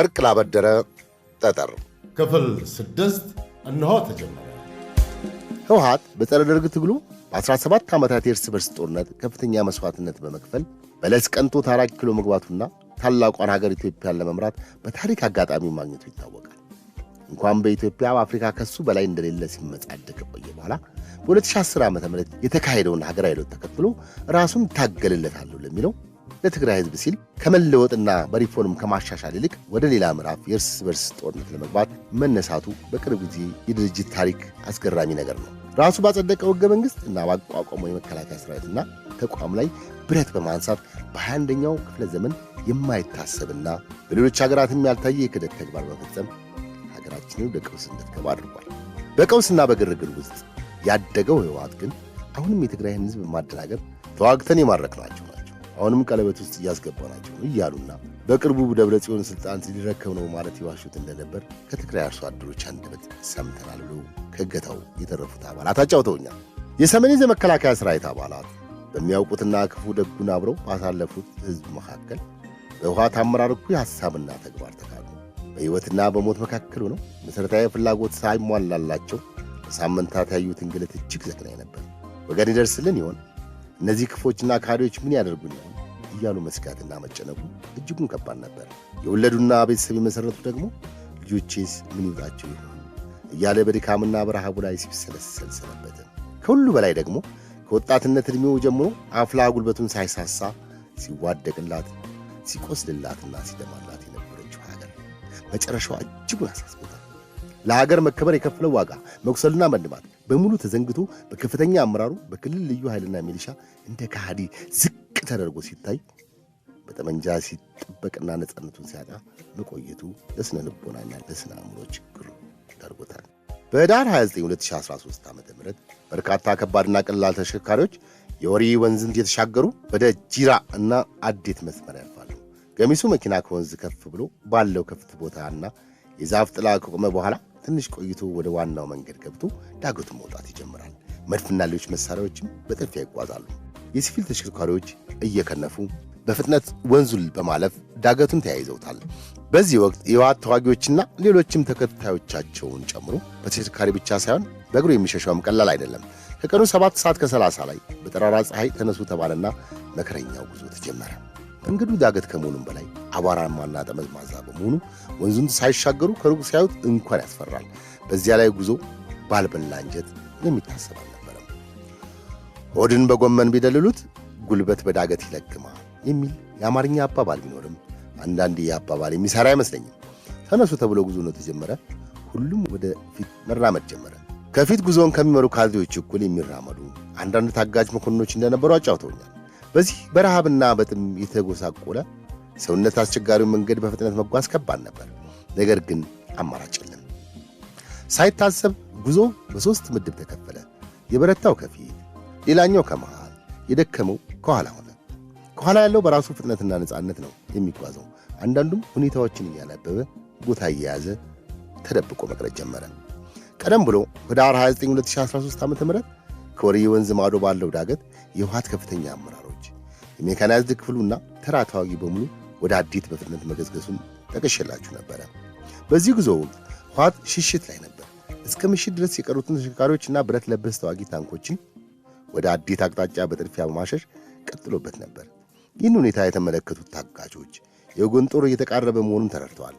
ወርቅ ላበደረ ጠጠር ክፍል ስድስት እነሆ ተጀመረ። ህወሓት በጸረ ደርግ ትግሉ በ17 ዓመታት የእርስ በርስ ጦርነት ከፍተኛ መስዋዕትነት በመክፈል በለስ ቀንቶት አራት ኪሎ መግባቱና ታላቋን ሀገር ኢትዮጵያን ለመምራት በታሪክ አጋጣሚ ማግኘቱ ይታወቃል። እንኳን በኢትዮጵያ በአፍሪካ ከሱ በላይ እንደሌለ ሲመጻደቅ ቆየ። በኋላ በ2010 ዓ ም የተካሄደውን ሀገራዊ ለውጥ ተከትሎ ራሱን ታገልለታለሁ ለሚለው ለትግራይ ህዝብ ሲል ከመለወጥና በሪፎርም ከማሻሻል ይልቅ ወደ ሌላ ምዕራፍ የእርስ በርስ ጦርነት ለመግባት መነሳቱ በቅርብ ጊዜ የድርጅት ታሪክ አስገራሚ ነገር ነው። ራሱ ባጸደቀው ህገ መንግስት እና ባቋቋመው የመከላከያ ሰራዊትና ተቋም ላይ ብረት በማንሳት በ21ኛው ክፍለ ዘመን የማይታሰብና በሌሎች ሀገራትም ያልታየ የክደት ተግባር በመፈጸም ሀገራችንን በቀውስ እንድትገባ አድርጓል። በቀውስና በግርግር ውስጥ ያደገው ህወሓት ግን አሁንም የትግራይን ህዝብ ማደናገር ተዋግተን የማድረግ ናቸው አሁንም ቀለበት ውስጥ ናቸው ነው እያሉና በቅርቡ ደብረ ጽዮን ስልጣን ሊረከብ ነው ማለት የዋሹት እንደነበር ከትግራይ አርሶ አደሮች አንደበት ሰምተናል ብሎ ከገታው የተረፉት አባላት አጫውተውኛል። የሰሜን ዕዝ መከላከያ ሠራዊት አባላት በሚያውቁትና ክፉ ደጉን አብረው ባሳለፉት ህዝብ መካከል በህወሓት አመራር እኩይ ሀሳብና ተግባር ተካሉ። በሕይወትና በሞት መካከል ሆነው መሠረታዊ ፍላጎት ሳይሟላላቸው በሳምንታት ያዩት እንግልት እጅግ ዘግናኝ ነበር። ወገን ይደርስልን ይሆን? እነዚህ ክፎችና ካዲዎች ምን ያደርጉኛል? እያሉ መስጋትና መጨነቁ እጅጉን ከባድ ነበር። የወለዱና ቤተሰብ የመሠረቱ ደግሞ ልጆቼስ ምን ይውጣቸው ይሆን እያለ በድካምና በረሃቡ ላይ ሲብሰለሰል ሰነበተ። ከሁሉ በላይ ደግሞ ከወጣትነት ዕድሜው ጀምሮ አፍላ ጉልበቱን ሳይሳሳ ሲዋደቅላት ሲቆስልላትና ሲደማላት የነበረችው ሀገር መጨረሻዋ እጅጉን አሳስቦታል። ለሀገር መከበር የከፈለው ዋጋ መቁሰልና መልማት በሙሉ ተዘንግቶ በከፍተኛ አመራሩ በክልል ልዩ ኃይልና ሚሊሻ እንደ ከሃዲ ዝቅ ተደርጎ ሲታይ በጠመንጃ ሲጠበቅና ነፃነቱን ሲያጣ መቆየቱ ለስነ ልቦናና ለስነ አእምሮ ችግር ተደርጎታል። በዳር 29 2013 ዓ ም በርካታ ከባድና ቀላል ተሽከርካሪዎች የወሪ ወንዝን እየተሻገሩ ወደ ጂራ እና አዴት መስመር ያልፋሉ። ገሚሱ መኪና ከወንዝ ከፍ ብሎ ባለው ክፍት ቦታና የዛፍ ጥላ ከቆመ በኋላ ትንሽ ቆይቶ ወደ ዋናው መንገድ ገብቶ ዳገቱን መውጣት ይጀምራል። መድፍና ሌሎች መሳሪያዎችም በጥድፊያ ይጓዛሉ። የሲቪል ተሽከርካሪዎች እየከነፉ በፍጥነት ወንዙን በማለፍ ዳገቱን ተያይዘውታል። በዚህ ወቅት የህወሓት ተዋጊዎችና ሌሎችም ተከታዮቻቸውን ጨምሮ በተሽከርካሪ ብቻ ሳይሆን በእግሩ የሚሸሸውም ቀላል አይደለም። ከቀኑ 7 ሰዓት ከ30 ላይ በጠራራ ፀሐይ ተነሱ ተባለና መከረኛው ጉዞ ተጀመረ። እንግዱ ዳገት ከመሆኑም በላይ አቧራማና ጠመዝማዛ በመሆኑ ወንዙን ሳይሻገሩ ከሩቅ ሲያዩት እንኳን ያስፈራል። በዚያ ላይ ጉዞ ባልበላ እንጀት የሚታሰባል። ሆድን በጎመን ቢደልሉት ጉልበት በዳገት ይለግማ የሚል የአማርኛ አባባል ቢኖርም አንዳንድ ይህ አባባል የሚሰራ አይመስለኝም። ተነሱ ተብሎ ጉዞ ነው ተጀመረ። ሁሉም ወደ ፊት መራመድ ጀመረ። ከፊት ጉዞውን ከሚመሩ ካድሬዎች እኩል የሚራመዱ አንዳንድ ታጋጅ መኮንኖች እንደነበሩ አጫውተውኛል። በዚህ በረሃብና በጥም የተጎሳቆለ ሰውነት አስቸጋሪው መንገድ በፍጥነት መጓዝ ከባድ ነበር። ነገር ግን አማራጭ የለም። ሳይታሰብ ጉዞ በሦስት ምድብ ተከፈለ። የበረታው ከፊት ሌላኛው ከመሃል የደከመው ከኋላ ሆነ። ከኋላ ያለው በራሱ ፍጥነትና ነፃነት ነው የሚጓዘው። አንዳንዱም ሁኔታዎችን እያነበበ ቦታ እየያዘ ተደብቆ መቅረት ጀመረ። ቀደም ብሎ ህዳር 29 2013 ዓ ም ከወሬ ወንዝ ማዶ ባለው ዳገት የውሃት ከፍተኛ አመራሮች የሜካናይዝድ ክፍሉና ተራ ተዋጊ በሙሉ ወደ አዴት በፍጥነት መገዝገሱን ጠቅሼላችሁ ነበረ። በዚህ ጉዞ ወቅት ህወሓት ሽሽት ላይ ነበር። እስከ ምሽት ድረስ የቀሩትን ተሽከርካሪዎችና ብረት ለበስ ተዋጊ ታንኮችን ወደ አዴት አቅጣጫ በጥድፊያ በማሸሽ ቀጥሎበት ነበር። ይህን ሁኔታ የተመለከቱት ታጋቾች የወገን ጦር እየተቃረበ መሆኑን ተረድተዋል።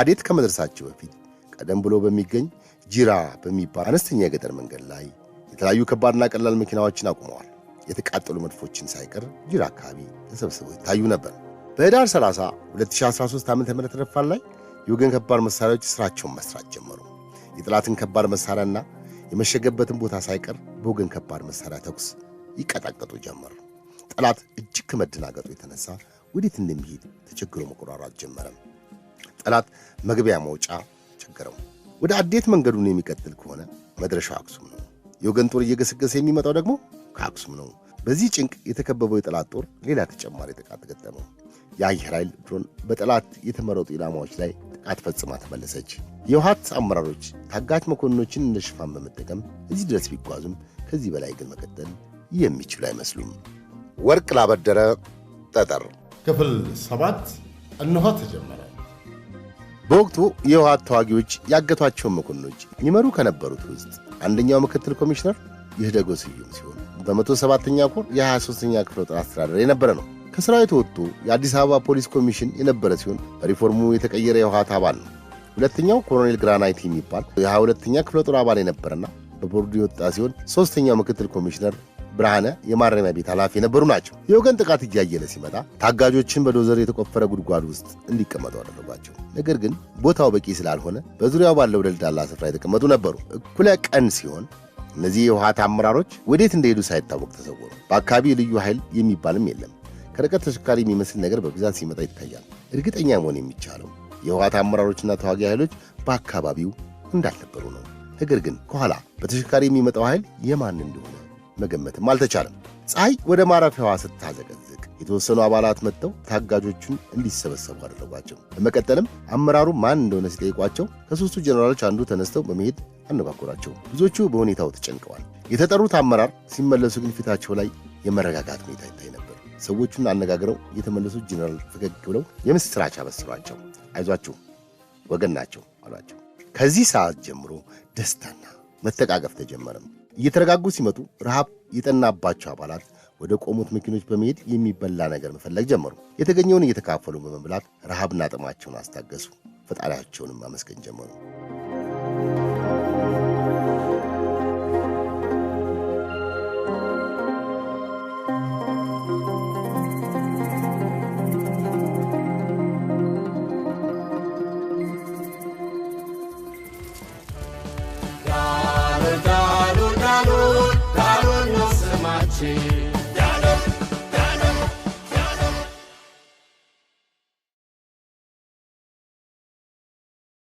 አዴት ከመድረሳቸው በፊት ቀደም ብሎ በሚገኝ ጅራ በሚባል አነስተኛ የገጠር መንገድ ላይ የተለያዩ ከባድና ቀላል መኪናዎችን አቁመዋል። የተቃጠሉ መድፎችን ሳይቀር ጅራ አካባቢ ተሰብስበው ይታዩ ነበር። በህዳር 30 2013 ዓ ም ረፋል ላይ የወገን ከባድ መሳሪያዎች ስራቸውን መስራት ጀመሩ። የጠላትን ከባድ መሳሪያና የመሸገበትን ቦታ ሳይቀር በወገን ከባድ መሳሪያ ተኩስ ይቀጣቀጡ ጀመር። ጠላት እጅግ ከመደናገጡ የተነሳ ወዴት እንደሚሄድ ተቸግሮ መቆራራት ጀመረ። ጠላት መግቢያ መውጫ ቸገረው። ወደ አዴት መንገዱን የሚቀጥል ከሆነ መድረሻው አክሱም ነው። የወገን ጦር እየገሰገሰ የሚመጣው ደግሞ ከአክሱም ነው። በዚህ ጭንቅ የተከበበው የጠላት ጦር ሌላ ተጨማሪ ጥቃት ገጠመው። የአየር ኃይል ድሮን በጠላት የተመረጡ ኢላማዎች ላይ አትፈጽማ ተመለሰች። የውሃት አመራሮች ታጋች መኮንኖችን እንደ ሽፋን በመጠቀም እዚህ ድረስ ቢጓዙም ከዚህ በላይ ግን መቀጠል የሚችሉ አይመስሉም። ወርቅ ላበደረ ጠጠር ክፍል ሰባት እንሆ ተጀመረ። በወቅቱ የውሃት ተዋጊዎች ያገቷቸውን መኮንኖች ይመሩ ከነበሩት ውስጥ አንደኛው ምክትል ኮሚሽነር ይህደጎ ስዩም ሲሆን በመቶ ሰባተኛ ኮር የ23ኛ ክፍለ ጦር አስተዳደር የነበረ ነው። ከስራ የተወጡ የአዲስ አበባ ፖሊስ ኮሚሽን የነበረ ሲሆን በሪፎርሙ የተቀየረ የውሃት አባል ነው። ሁለተኛው ኮሎኔል ግራናይት የሚባል የ22ኛ ክፍለ ጦር አባል የነበረና በቦርዱ የወጣ ሲሆን ሶስተኛው ምክትል ኮሚሽነር ብርሃነ የማረሚያ ቤት ኃላፊ የነበሩ ናቸው። የወገን ጥቃት እያየለ ሲመጣ ታጋጆችን በዶዘር የተቆፈረ ጉድጓድ ውስጥ እንዲቀመጡ አደረጓቸው። ነገር ግን ቦታው በቂ ስላልሆነ በዙሪያው ባለው ደልዳላ ስፍራ የተቀመጡ ነበሩ። እኩለ ቀን ሲሆን እነዚህ የውሃት አመራሮች ወዴት እንደሄዱ ሳይታወቅ ተሰወሩ። በአካባቢ ልዩ ኃይል የሚባልም የለም። ከርቀት ተሽካሪ የሚመስል ነገር በብዛት ሲመጣ ይታያል። እርግጠኛ መሆን የሚቻለው የህወሓት አመራሮችና ተዋጊ ኃይሎች በአካባቢው እንዳልነበሩ ነው። ነገር ግን ከኋላ በተሽካሪ የሚመጣው ኃይል የማን እንደሆነ መገመትም አልተቻለም። ፀሐይ ወደ ማረፊያዋ ስታዘቀዝቅ የተወሰኑ አባላት መጥተው ታጋጆቹን እንዲሰበሰቡ አደረጓቸው። በመቀጠልም አመራሩ ማን እንደሆነ ሲጠይቋቸው ከሦስቱ ጀኔራሎች አንዱ ተነስተው በመሄድ አነጋገሯቸው። ብዙዎቹ በሁኔታው ተጨንቀዋል። የተጠሩት አመራር ሲመለሱ ግን ፊታቸው ላይ የመረጋጋት ሁኔታ ይታይ ነበር። ሰዎቹን አነጋግረው የተመለሱ ጀነራል ፈገግ ብለው የምስራች አበስሯቸው። አይዟችሁ ወገን ናቸው አሏቸው። ከዚህ ሰዓት ጀምሮ ደስታና መተቃቀፍ ተጀመረም። እየተረጋጉ ሲመጡ ረሃብ የጠናባቸው አባላት ወደ ቆሙት መኪኖች በመሄድ የሚበላ ነገር መፈለግ ጀመሩ። የተገኘውን እየተካፈሉ በመብላት ረሃብና ጥማቸውን አስታገሱ። ፈጣሪያቸውንም አመስገን ጀመሩ። watching.